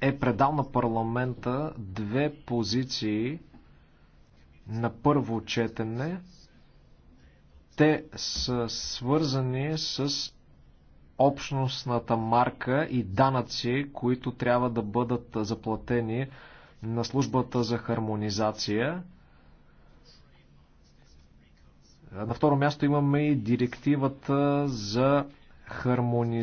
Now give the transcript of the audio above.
е предал на парламента две позиции на първо четене. Те са свързани с общностната марка и данъци, които трябва да бъдат заплатени на службата за хармонизация. На второ място имаме и директивата за хармонизация